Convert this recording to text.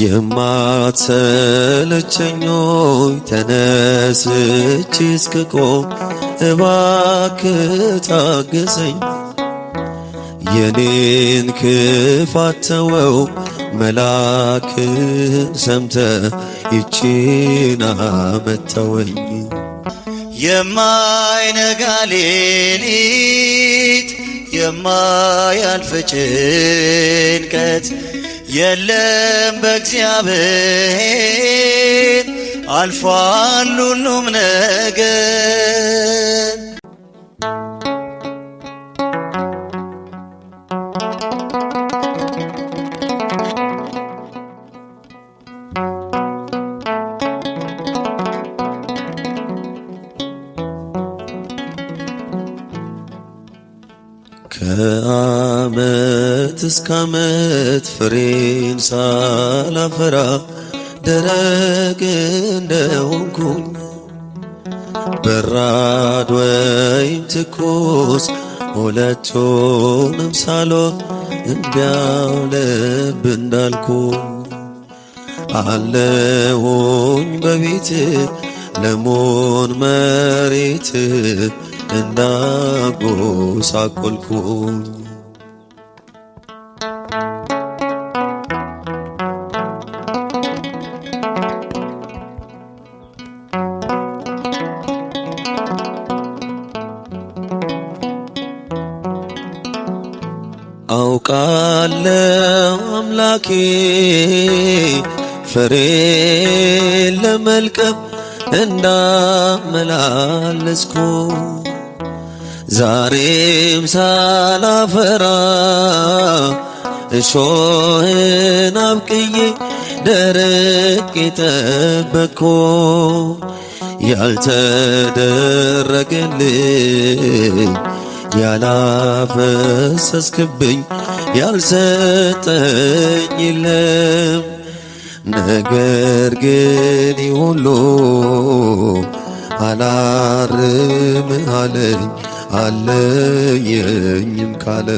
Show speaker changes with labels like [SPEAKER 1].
[SPEAKER 1] የማትሰለቸኞይ ተነስቼ እስክቆም እባክህ ታገሰኝ። የኔን ክፋት ተወው መላክህን ሰምተ ይቺን አመጣወኝ።
[SPEAKER 2] የማይነጋ ሌሊት የማያልፍ ጭንቀት የለም በእግዚአብሔር አልፏል ሁሉም ነገር
[SPEAKER 1] ከአመት እስከ አመት ፍሬን ሳላፈራ ደረቅ እንደሆንኩኝ በራድ ወይም ትኩስ ሁለቱንም ሳልሆን እንዲያው ልብ እንዳልኩኝ አለሁኝ በቤት ለሞን መሬት እንዳጎሳቆልኩኝ አውቃለው አምላኬ ፍሬ ለመልቀም እንዳመላለስኩ ዛሬም ሳላፈራ እሾህን አብቅዬ ደረቅ የጠበቅኮ ያልተደረገልኝ ያላፈሰስክብኝ ያልሰጠኝ የለም። ነገር ግን ይሁሉ አላርም አለኝ አለየኝም ካለ